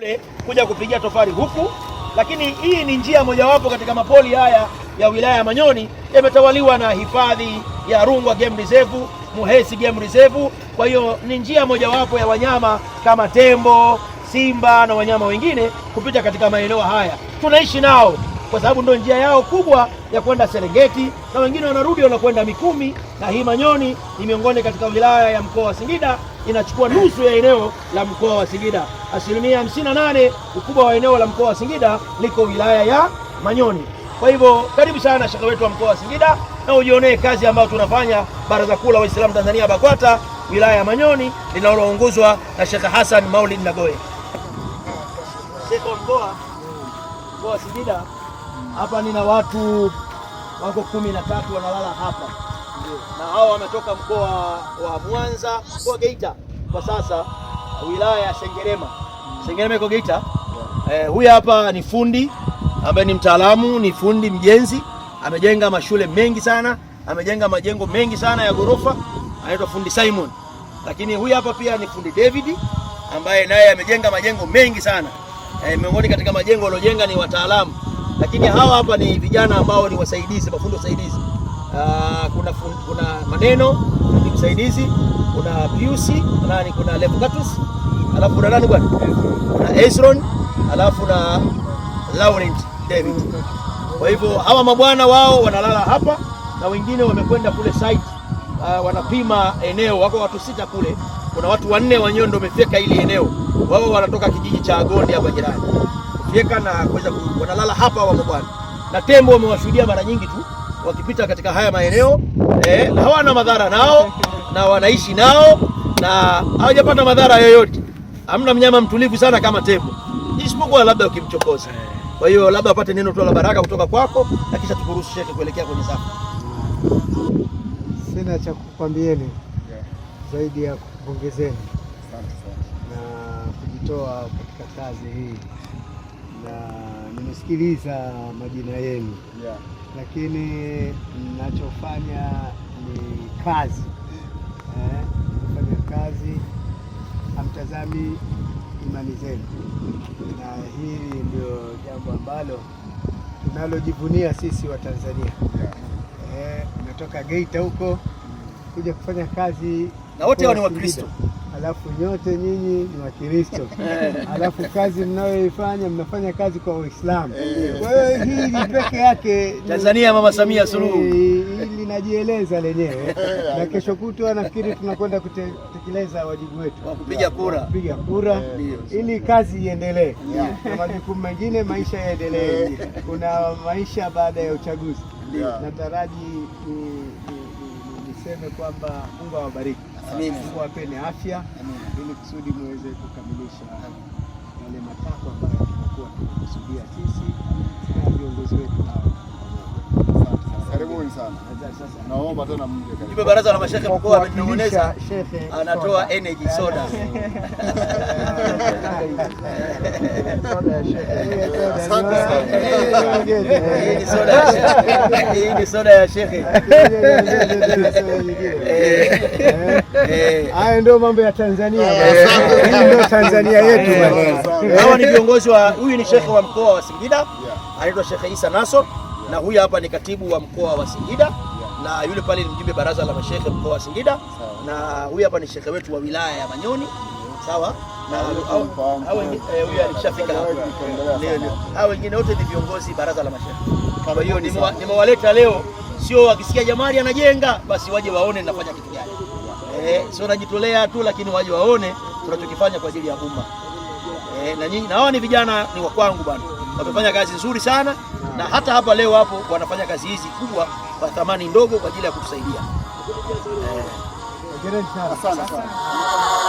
kule kuja kupigia tofali huku, lakini hii ni njia mojawapo katika mapoli haya ya wilaya ya Manyoni yametawaliwa na hifadhi ya Rungwa Game Reserve, Muhesi Game Reserve. Kwa hiyo ni njia mojawapo ya wanyama kama tembo, simba na wanyama wengine kupita katika maeneo haya, tunaishi nao kwa sababu ndio njia yao kubwa ya kwenda Serengeti na wengine wanarudi wanakwenda Mikumi, na hii Manyoni ni miongoni katika wilaya ya mkoa wa Singida, inachukua nusu ya eneo la mkoa wa Singida. Asilimia hamsini na nane ukubwa wa eneo la mkoa wa Singida liko wilaya ya Manyoni. Kwa hivyo karibu sana shaka wetu wa mkoa wa Singida na ujionee kazi ambayo tunafanya Baraza Kuu la Waislamu Tanzania BAKWATA wilaya ya Manyoni linaloongozwa na Sheikh Hassan Maulid Nagoe. Sheikh wa mkoa wa Singida hapa nina watu wako kumi na tatu wanalala hapa na hao wametoka mkoa wa Mwanza, mkoa Geita kwa sasa, wilaya ya Sengerema. Sengerema iko Geita. Eh, huyu hapa ni fundi ambaye ni mtaalamu, ni fundi mjenzi, amejenga mashule mengi sana, amejenga majengo mengi sana ya ghorofa, anaitwa fundi Simon. Lakini huyu hapa pia ni fundi David ambaye naye amejenga majengo mengi sana. Eh, miongoni katika majengo aliyojenga ni wataalamu lakini hawa hapa ni vijana ambao ni wasaidizi, mafundi wasaidizi. Uh, kuna, kuna maneno ni msaidizi, kuna Pius nani, kuna Levocatus, alafu kuna nani bwana, kuna Ezron, alafu na Laurent David. Kwa hivyo hawa mabwana wao wanalala hapa na wengine wamekwenda kule site, uh, wanapima eneo. Wako watu sita kule, kuna watu wanne wanyondo ndio wamefika hili eneo, wao wanatoka kijiji cha Agondi hapa jirani kufyeka na kuweza wanalala hapa wamo bwana, na tembo wamewashuhudia mara nyingi tu wakipita katika haya maeneo eh, hawana madhara nao na wanaishi nao na hawajapata madhara yoyote. Hamna mnyama mtulivu sana kama tembo, isipokuwa labda ukimchokoza. Kwa hiyo labda wapate neno tu la baraka kutoka kwako, na kisha tukuruhusu shekhe kuelekea kwenye safa. Sina cha kukwambieni zaidi ya kupongezeni na kujitoa katika kazi hii na nimesikiliza majina yenu yeah. Lakini mnachofanya ni kazi eh, fanya kazi, hamtazami imani zenu, na hili ndio jambo ambalo tunalojivunia sisi Tanzania yeah. Eh, umetoka Geita huko kuja kufanya kazi na wote hao ni Wakristo. Alafu nyote nyinyi ni Wakristo, eh. alafu kazi mnayoifanya mnafanya kazi kwa Waislamu. Eh. Kwa hiyo hili peke yake Tanzania, Mama Samia Suluhu, eh, linajieleza lenyewe na kesho kutwa nafikiri tunakwenda kutekeleza wajibu wetu wa kupiga kura, kupiga kura ili kazi iendelee na majukumu mengine, maisha yaendelee. Kuna maisha baada ya uchaguzi. Nataraji niseme kwamba Mungu awabariki. Mungu apeni afya ili kusudi muweze kukamilisha yale matakwa ambayo tunakuwa tunakusudia sisi. sana. Naomba tena mje baraza la mashehe mkoa ametuonyesha anatoa energy soda. Hii ni soda ya shehe. Haya ndio mambo ya Tanzania. Eh. Hii ndio Tanzania eh. yetu Hawa ni viongozi wa huyu ni shehe wa mkoa wa Singida. Anaitwa Sheikh Isa Nasor na huyu hapa ni katibu wa mkoa wa Singida na yule pale ni mjumbe baraza la mashehe mkoa wa Singida sawa. Na huyu hapa ni shehe wetu wa wilaya ya Manyoni sawa eh, huyu alishafika hapa, wengine wote ni viongozi baraza la mashehe. Kwa hiyo nimewaleta leo, sio wakisikia jamari anajenga basi waje waone ninafanya kitu gani. Eh, sio najitolea tu, lakini waje waone tunachokifanya kwa ajili ya umma. Eh, na nyinyi na ni vijana ni wakwangu bwana wamefanya kazi nzuri sana, na hata hapa leo hapo wanafanya kazi hizi kubwa kwa thamani ndogo kwa ajili ya kutusaidia. Eh. Asante sana.